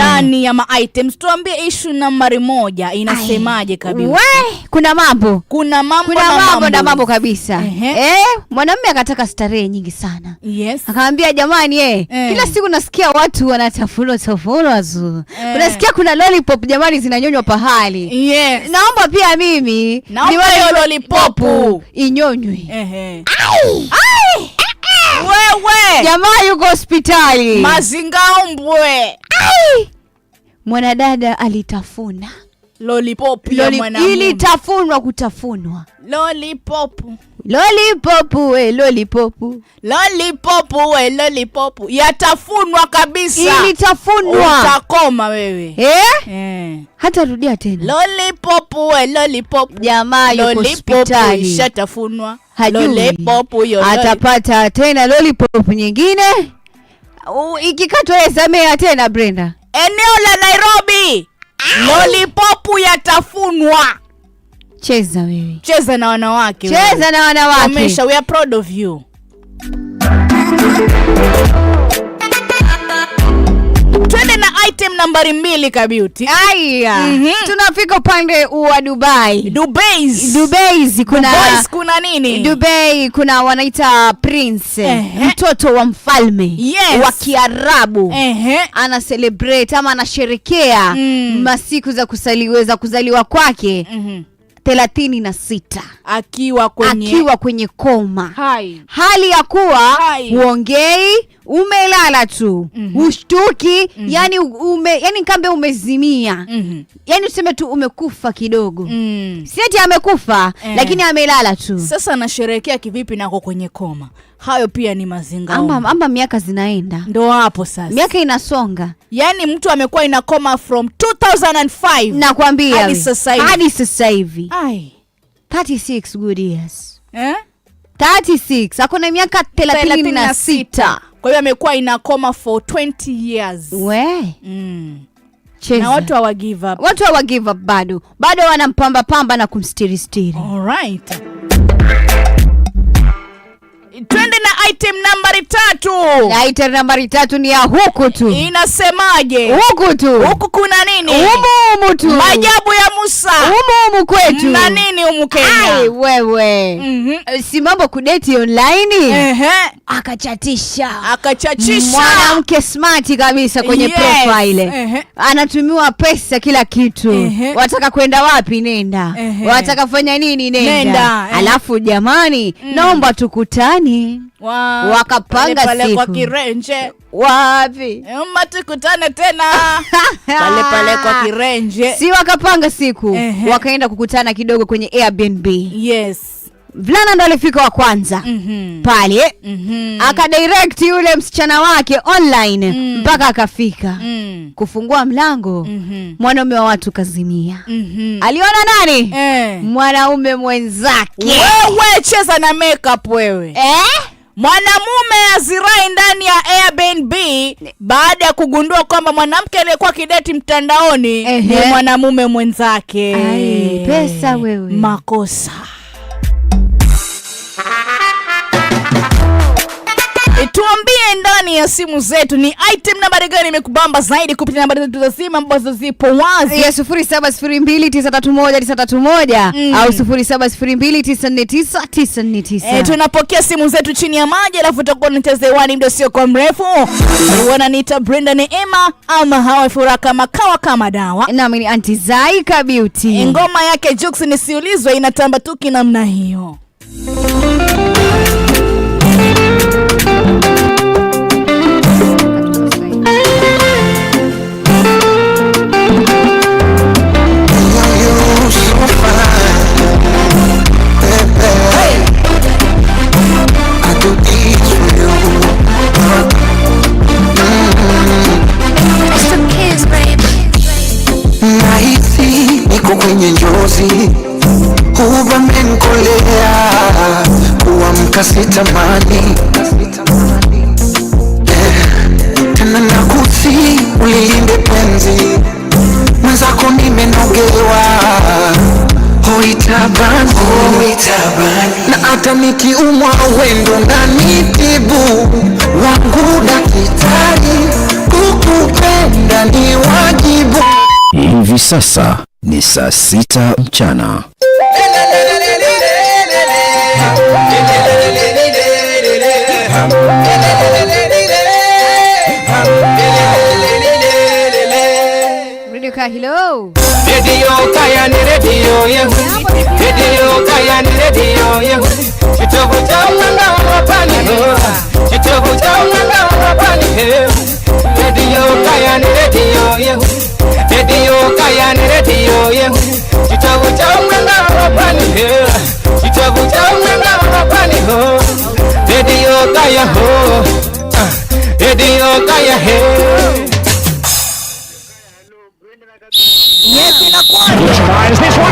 ndani ya maitems. Tuambie issue nambari moja inasemaje kabisa? We, kuna mambo kuna mambo mambo na mambo kabisa. Eh, mwanamume akataka starehe nyingi sana. Yes. Akaambia jamani, eh, eh, kila siku nasikia watu wanatafuno tafuno zu. Eh. Unasikia kuna lollipop jamani zinanyonywa pahali. Yes. Naomba pia mimi niwe lollipop inyonywe. Ai. Wewe jamaa yuko hospitali Mazingaombwe, Mwanadada alitafuna Lollipop ya mwanamume. Ilitafunwa kutafunwa. Lollipop. Lollipop we lollipop. Lollipop we lollipop. Yatafunwa kabisa. Ilitafunwa. Utakoma wewe. Eh? Eh. Hata rudia tena. Lollipop we lollipop. Jamaa yuko hospitali. Shatafunwa. Lollipop yo. Atapata tena lollipop nyingine ikikatwa yasamea tena Brenda. Eneo la Nairobi lolipopu yatafunwa. Cheza wewe, cheza na wanawake, cheza na wanawake. Amesha, we are proud of you item nambari mbili kabiuti. Aya. Mm -hmm. Tunafika upande wa Dubai. Dubais. Dubais kuna Dubais kuna nini? Dubai kuna wanaita prince, Mtoto wa mfalme yes. wa Kiarabu. Ana celebrate ama anasherekea mm. masiku za kusaliweza kuzaliwa kwake. Mm -hmm thelathini na sita akiwa kwenye, akiwa kwenye koma hai, hali ya kuwa huongei, umelala tu mm -hmm. ushtuki mm -hmm. yani, ume, yani kambe umezimia mm -hmm. yani useme tu umekufa kidogo mm. sieti amekufa eh, lakini amelala tu. Sasa anasherehekea kivipi nako kwenye koma? Hayo pia ni mazinga ama, ama miaka zinaenda, ndo hapo sasa miaka inasonga, yani mtu amekuwa inakoma from 2005 nakwambia hadi sasa hivi 36 good years eh 36 akona miaka 36 kwa hiyo amekuwa inakoma for 20 years we mm. Na watu hawa give up. Watu hawa give up bado. Bado wanampamba pamba na kumstiristiri. All right. Twende na item nambari tatu na nambari tatu ni ya huku tu. Inasemaje? Huku tu. Huku kuna nini? Humu humu tu. Maajabu ya Musa. Humu humu kwetu. Na nini humu Kenya? Ai wewe. Mhm. Mm si mambo kudeti online? Ehe. Akachatisha. Akachatisha. Mwanamke smart kabisa kwenye yes, profile. Ehe. Anatumiwa pesa kila kitu. Wataka kwenda wapi nenda. Wataka fanya nini nenda. Nenda. Alafu jamani, mm. Naomba tukutani Wow. Wakapanga kwa kirenje wapi matukutane tena pale pale kwa kirenje, si wakapanga siku uh-huh. wakaenda kukutana kidogo kwenye Airbnb. Yes. Mvulana ndo alifika wa kwanza mm -hmm. pale mm -hmm. akadirect yule msichana wake online mm. mpaka mm. akafika mm. kufungua mlango mm -hmm. mwanaume wa watu kazimia mm -hmm. aliona nani eh. mwanaume mwenzake. Wewe cheza na makeup wewe eh? Mwanamume azirai ndani ya Airbnb baada ya kugundua kwamba mwanamke aliyekuwa kideti mtandaoni ni mwanamume mwenzake. Ai, pesa wewe. Makosa. ya simu zetu. Ni item nambari gani imekubamba zaidi kupitia nambari zetu za simu ambazo zipo wazi ya moja au 0702949949. Eh, tunapokea simu zetu chini ya maji, alafu tutakuwa tunacheza hewani muda sio kwa mrefu. Wananiita Brenda Neema ama hawa furaka kama kama dawa, nami ni anti Zaika Beauty. Eh, ngoma yake Jux nisiulizwe inatamba tuki namna hiyo niko kwenye njozi, huwa menkolea kuamka sitamani eh, na nakusi ulilinde penzi mwenzako, nimenogewa hoitabani na hata nikiumwa wendo na nitibu wangu daktari, kukupenda ni wajibu hivi sasa ni saa sita mchana. Radio Kaya, hello. Radio Kaya ni radio Radio Kaya ni radio Kitovu cha Kitovu cha Radio Kaya ni radio ye Kitabu cha mwenda hapani hela Kitabu cha mwenda hapani ho Redio Kaya ho ah, Redio Kaya he Yes, in a quarter.